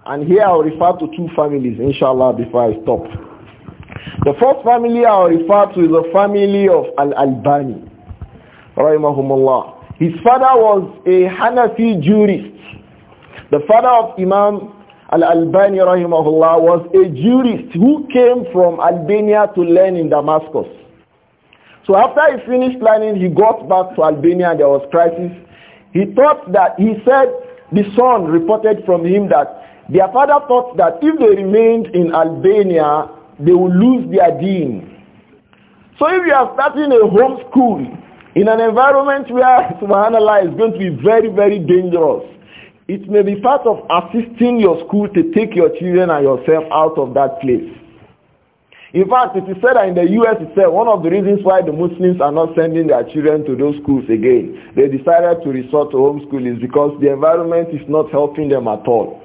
And here I'll refer to two families, inshallah, before I stop. The first family I'll refer to is the family of Al-Albani, His father was a Hanafi jurist. The father of Imam Al-Albani, rahimahullah, was a jurist who came from Albania to learn in Damascus. So after he finished learning, he got back to Albania and there was crisis he thought that, he said, the son reported from him that their father thought that if they remained in Albania, they would lose their dean. So if you are starting a home school in an environment where subhanallah is going to be very, very dangerous, it may be part of assisting your school to take your children and yourself out of that place. In fact, it is said that in the U.S. itself, one of the reasons why the Muslims are not sending their children to those schools again, they decided to resort to homeschool is because the environment is not helping them at all.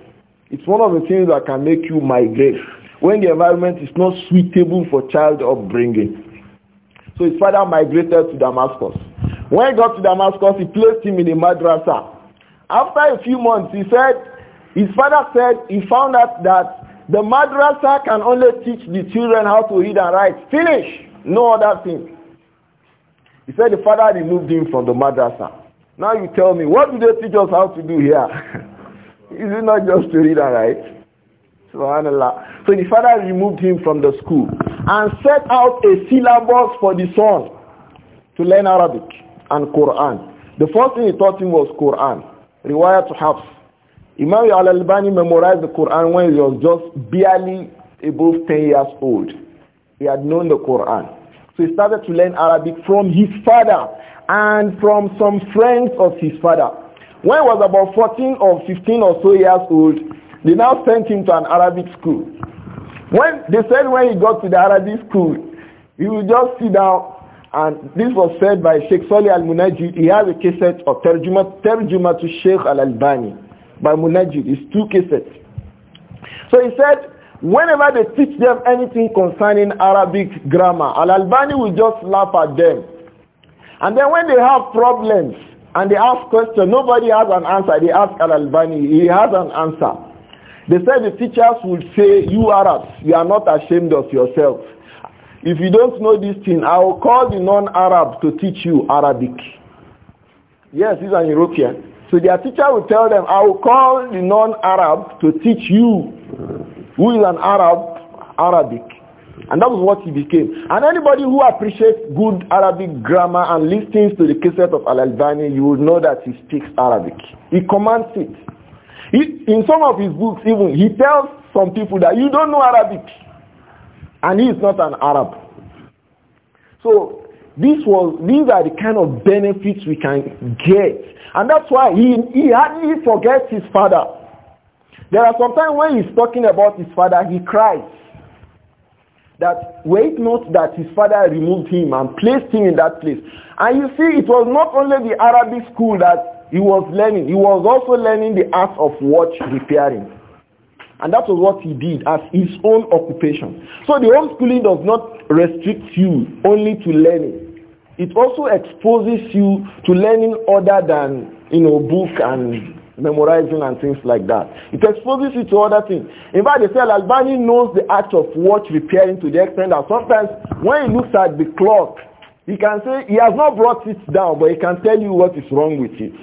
It's one of the things that can make you migrate when the environment is not suitable for child upbringing. So his father migrated to Damascus. When he got to Damascus, he placed him in a madrasa. After a few months, he said, his father said he found out that the madrasa can only teach the children how to read and write. Finish. No other thing. He said the father removed him from the madrasa. Now you tell me, what do they teach us how to do here? Is it not just to read and write? Subhanallah. So the father removed him from the school and set out a syllabus for the son to learn Arabic and Quran. The first thing he taught him was Quran, riwayat to Hafs. Imam al-Albani memorized the Quran when he was just barely above 10 years old. He had known the Quran. So he started to learn Arabic from his father and from some friends of his father. When he was about 14 or 15 or so years old, they now sent him to an Arabic school. When they said when he got to the Arabic school, he would just sit down and this was said by Sheikh Salih al-Munajid. He has a cassette of Terjuma, Terjuma to Sheikh al-Albani by Munajid. It's two cases. So he said, whenever they teach them anything concerning Arabic grammar, Al-Albani will just laugh at them. And then when they have problems and they ask questions, nobody has an answer. They ask Al-Albani. He has an answer. They said the teachers would say, you Arabs, you are not ashamed of yourself. If you don't know this thing, I will call the non-Arab to teach you Arabic. Yes, he's an European. So their teacher will tell them, I will call the non-Arab to teach you who is an Arab, Arabic. And that was what he became. And anybody who appreciates good Arabic grammar and listens to the cassette of Al-Albani, you will know that he speaks Arabic. He commands it. He, in some of his books even, he tells some people that you don't know Arabic. And he is not an Arab. So this was, these are the kind of benefits we can get and that's why he, he hardly forgets his father. There are some times when he's talking about his father, he cries. That wait not that his father removed him and placed him in that place. And you see, it was not only the Arabic school that he was learning, he was also learning the art of watch repairing. And that was what he did as his own occupation. So the homeschooling does not restrict you only to learning it also exposes you to learning other than, you know, book and memorizing and things like that. It exposes you to other things. In fact, they say Albani knows the art of watch repairing to the extent that sometimes when he looks at the clock, he can say he has not brought it down, but he can tell you what is wrong with it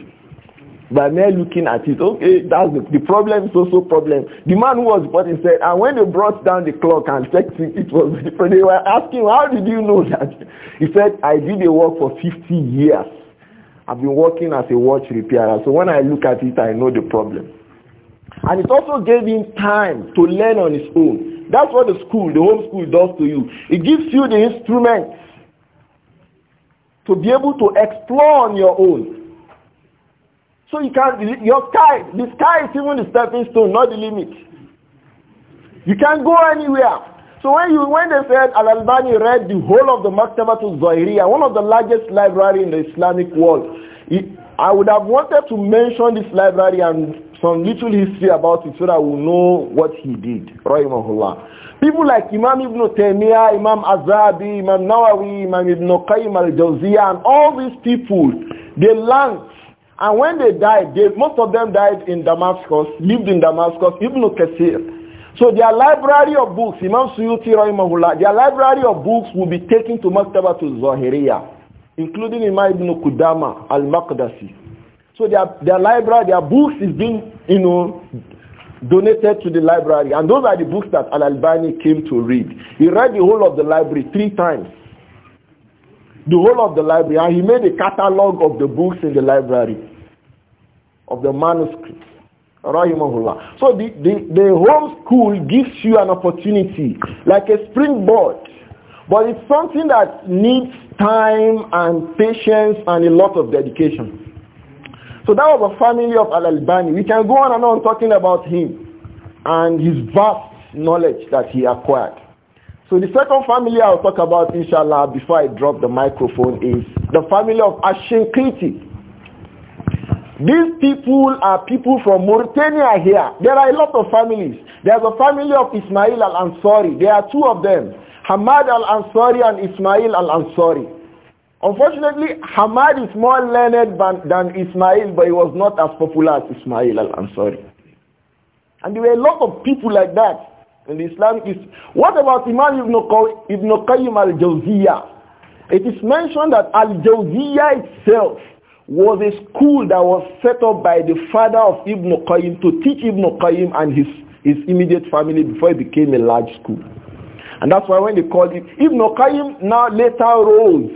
by now looking at it. Okay, that's the, the problem, so so problem. The man who was he said, and when they brought down the clock and checked it, it was different. They were asking, how did you know that? He said, I did the work for 50 years. I've been working as a watch repairer. So when I look at it, I know the problem. And it also gave him time to learn on his own. That's what the school, the home school does to you. It gives you the instruments to be able to explore on your own. So you can your sky, the sky is even the stepping stone, not the limit. You can go anywhere. So when you when they said Al Albani read the whole of the al Zahiriya, one of the largest library in the Islamic world, it, I would have wanted to mention this library and some little history about it so that we know what he did. People like Imam Ibn Taymiyyah, Imam Azabi, Imam Nawawi, Imam Ibn Qayyim al-Jawziyah, and all these people, they learned and when they died, they, most of them died in Damascus, lived in Damascus, Ibn al-Qasir. So their library of books, Imam Suyuti Rahimahullah, their library of books will be taken to to Zahiriya, including Imam Ibn Qudama Al-Maqdasi. So their, their library, their books is being, you know, donated to the library. And those are the books that Al-Albani came to read. He read the whole of the library three times the whole of the library and he made a catalog of the books in the library of the manuscripts rahimahullah so the, the, the home school gives you an opportunity like a springboard but it's something that needs time and patience and a lot of dedication so that was a family of al-albani we can go on and on talking about him and his vast knowledge that he acquired so the second family I'll talk about, inshallah, before I drop the microphone is the family of Ashinkiti. These people are people from Mauritania here. There are a lot of families. There's a family of Ismail al-Ansari. There are two of them, Hamad al-Ansari and Ismail al-Ansari. Unfortunately, Hamad is more learned than Ismail, but he was not as popular as Ismail al-Ansari. And there were a lot of people like that in the Islam is what about Imam Ibn, Ibn Qayyim al-Jawziyah? It is mentioned that al-Jawziyah itself was a school that was set up by the father of Ibn Qayyim to teach Ibn Qayyim and his, his immediate family before it became a large school. And that's why when they called it, Ibn Qayyim now later rose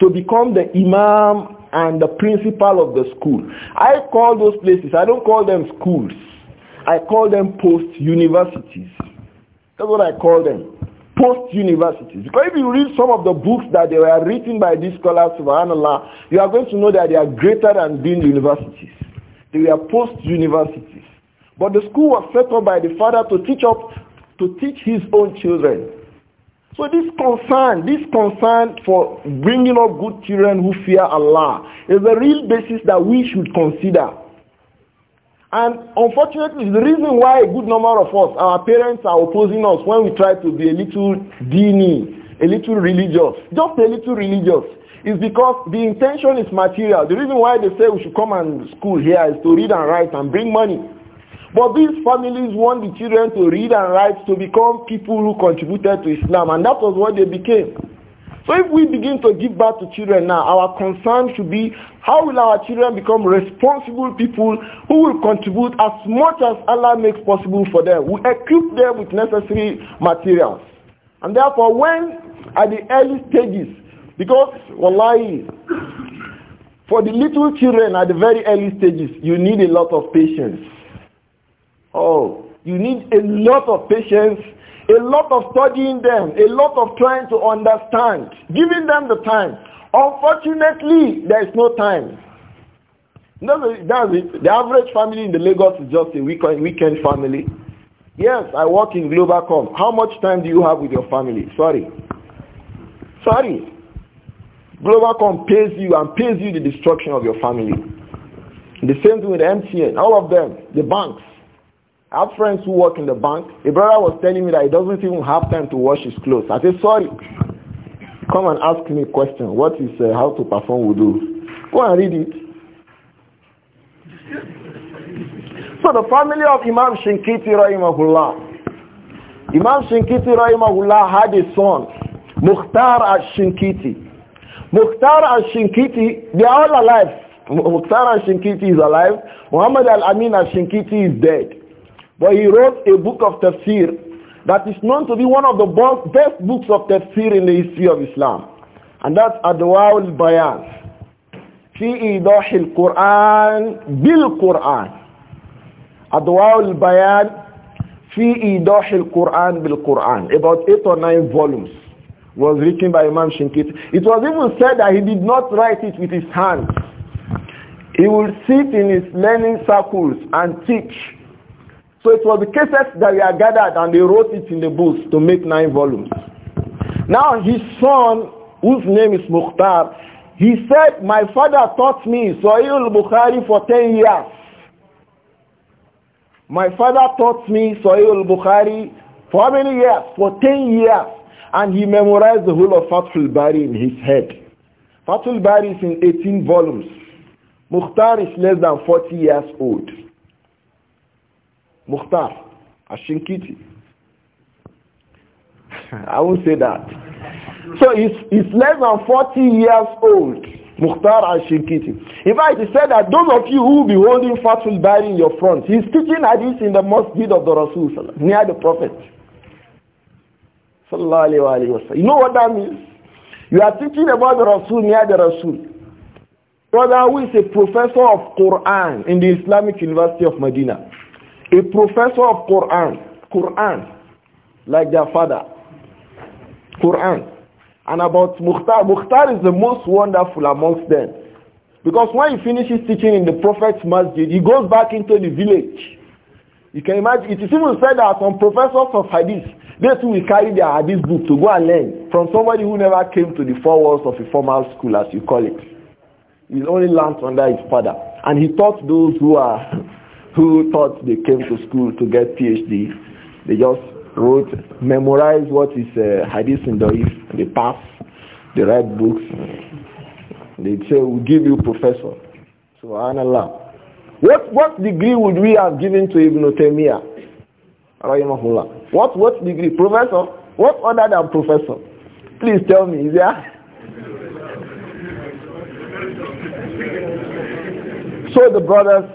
to become the imam and the principal of the school. I call those places, I don't call them schools. I call them post-universities. That's what I call them. Post-universities. Because if you read some of the books that they were written by these scholars, subhanAllah, you are going to know that they are greater than being universities. They were post-universities. But the school was set up by the father to teach up, to teach his own children. So this concern, this concern for bringing up good children who fear Allah is a real basis that we should consider. And unfortunately, the reason why a good number of us, our parents are opposing us when we try to be a little dini, a little religious, just a little religious, is because the intention is material. The reason why they say we should come and school here is to read and write and bring money. But these families want the children to read and write to become people who contributed to Islam, and that was what they became. So if we begin to give birth to children now, our concern should be how will our children become responsible people who will contribute as much as Allah makes possible for them. We equip them with necessary materials. And therefore when at the early stages, because wallahi, for the little children at the very early stages, you need a lot of patience. Oh, you need a lot of patience a lot of studying them, a lot of trying to understand, giving them the time. Unfortunately, there is no time. That's it. That's it. The average family in the Lagos is just a weekend, weekend family. Yes, I work in Globalcom. How much time do you have with your family? Sorry. Sorry. Globalcom pays you and pays you the destruction of your family. The same thing with MTN, all of them, the banks. I have friends who work in the bank. A brother was telling me that he doesn't even have time to wash his clothes. I said, sorry. Come and ask me a question. What is uh, how to perform wudu? Go and read it. so the family of Imam Shinkiti Rahimahullah. Imam Shinkiti Rahimahullah had a son, Mukhtar al-Shinkiti. Mukhtar al-Shinkiti, they are all alive. Mukhtar al-Shinkiti is alive. Muhammad al-Amin al-Shinkiti is dead. But he wrote a book of tafsir that is known to be one of the best books of tafsir in the history of Islam. And that's Adwa al-Bayan. في إيضاح القرآن بالقرآن Bayan, Fi في Quran bil Quran. about 8 or 9 volumes was written by Imam Shinkit. It was even said that he did not write it with his hands. He would sit in his learning circles and teach so it was the cases that were gathered and they wrote it in the books to make nine volumes. Now his son, whose name is Mukhtar, he said, my father taught me Sahih al-Bukhari for 10 years. My father taught me Sahih al-Bukhari for how many years? For 10 years. And he memorized the whole of Fathul Bari in his head. Fathul Bari is in 18 volumes. Mukhtar is less than 40 years old. Mukhtar, Ashinkiti. I won't say that. So it's, he's less than 40 years old, Mukhtar Ashinkiti. In fact, he said that those of you who will be holding Fatul Bari in your front, he's teaching hadith in the masjid of the Rasul, near the Prophet. You know what that means? You are teaching about the Rasul near the Rasul. Brother who is a professor of Quran in the Islamic University of Medina a professor of Quran, Quran, like their father, Quran. And about Mukhtar, Mukhtar is the most wonderful amongst them. Because when he finishes teaching in the Prophet's Masjid, he goes back into the village. You can imagine, it is even said that some professors of Hadith, they too will carry their Hadith book to go and learn from somebody who never came to the four walls of a formal school, as you call it. He only learned under his father. And he taught those who are who thought they came to school to get PhD. They just wrote, memorize what is uh, hadith in Doif, they pass, they write books. They say, we'll give you professor. Subhanallah. What, what degree would we have given to Ibn Taymiyyah? Rahimahullah. What, what degree? Professor? What other than professor? Please tell me, is there? so the brothers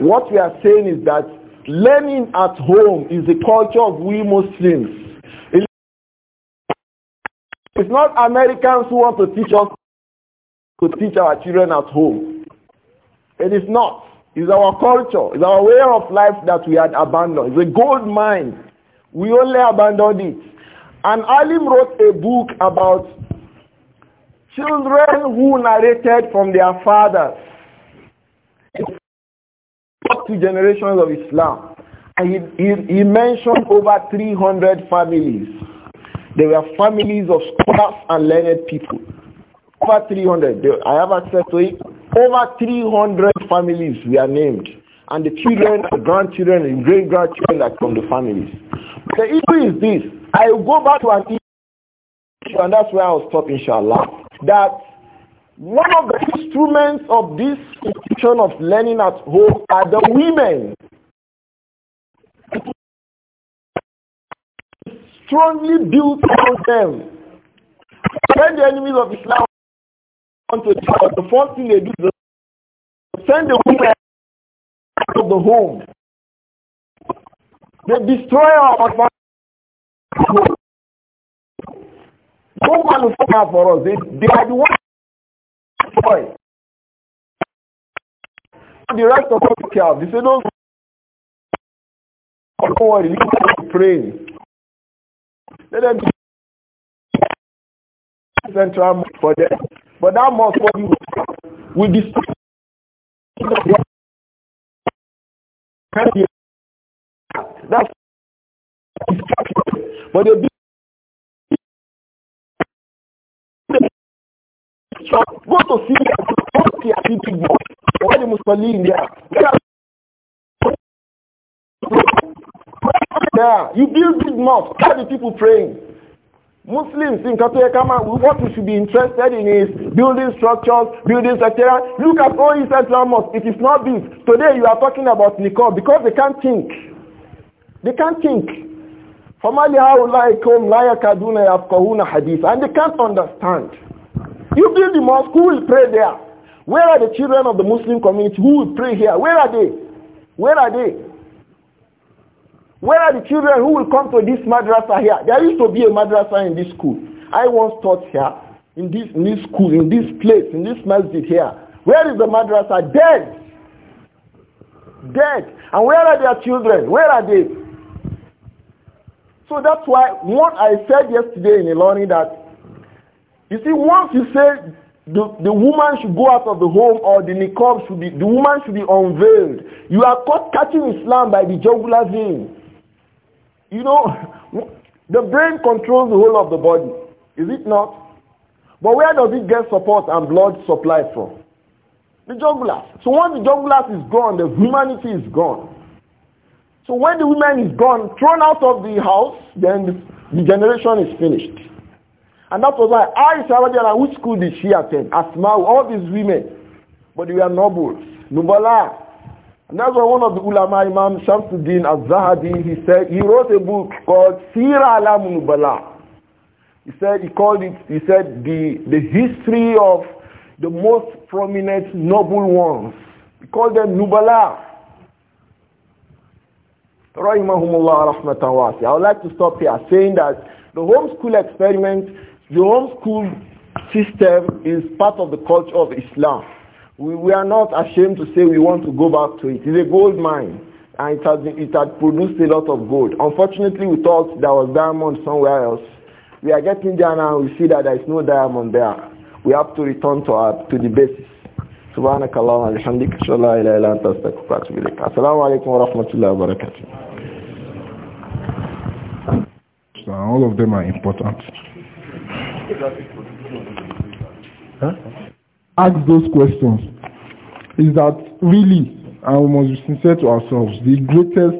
what we are saying is that learning at home is the culture of we Muslims. It's not Americans who want to teach us to teach our children at home. It is not. It's our culture. It's our way of life that we had abandoned. It's a gold mine. We only abandoned it. And Alim wrote a book about children who narrated from their fathers first two generations of Islam. And he, he, he mentioned over 300 families. They were families of scholars and learned people. Over 300. I have access to it. Over 300 families were named. And the children, the grandchildren, and great-grandchildren are from the families. The issue is this. I will go back to an issue, and that's where I'll stop, inshallah. That one of the instruments of this institution of learning at home are the women. Strongly built on them. When the enemies of Islam want to the first thing they do is send the women out of the home. They destroy our home. No manufacturer for us. They, they are the ones Boy, The rest of us care. They say, don't, don't worry, you can pray. Let them central for them. But that must for you will destroy. That's but they shop, go to see to see a big boy. Why the Muslim there? Yeah, you build big mosques. How the people praying? Muslims in Katoyakama, what we should be interested in is building structures, building etc. Look at all these Islam It is not this. Today you are talking about Nikon because they can't think. They can't think. فَمَا لِهَا أُولَٰئِكُمْ لَا يَكَدُونَ يَفْقَهُونَ hadith, And they can't understand. You build the mosque, who will pray there? Where are the children of the Muslim community? Who will pray here? Where are they? Where are they? Where are the children who will come to this madrasa here? There used to be a madrasa in this school. I once taught here, in this, in this school, in this place, in this masjid here. Where is the madrasa? Dead. Dead. And where are their children? Where are they? So that's why what I said yesterday in the learning that you see, once you say the, the woman should go out of the home or the niqab should be, the woman should be unveiled, you are caught catching Islam by the jugular vein. You know, the brain controls the whole of the body, is it not? But where does it get support and blood supply from? The jugular. So once the jugular is gone, the humanity is gone. So when the woman is gone, thrown out of the house, then the generation is finished. And that was why Aisha, which school did she attend? Asma, all these women. But they were nobles. Nubala. And that's why one of the ulama Imam Shamsuddin al-Zahadi, he said, he wrote a book called Sira Alam Nubala. He said, he called it, he said, the, the history of the most prominent noble ones. He called them Nubala. wasi. I would like to stop here saying that the homeschool experiment the home school system is part of the culture of Islam. We, we are not ashamed to say we want to go back to it. It's a gold mine and it, has been, it has produced a lot of gold. Unfortunately, we thought there was diamond somewhere else. We are getting there now, we see that there is no diamond there. We have to return to, our, to the basis. سبحانك اللهم وبحمدك اشهد ان لا اله الا انت استغفرك واتوب اليك السلام عليكم ورحمه الله وبركاته all of them are important Ask those questions. Is that really, and we must be sincere to ourselves, the greatest,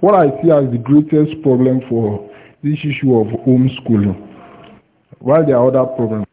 what I see as the greatest problem for this issue of homeschooling, while there are other problems.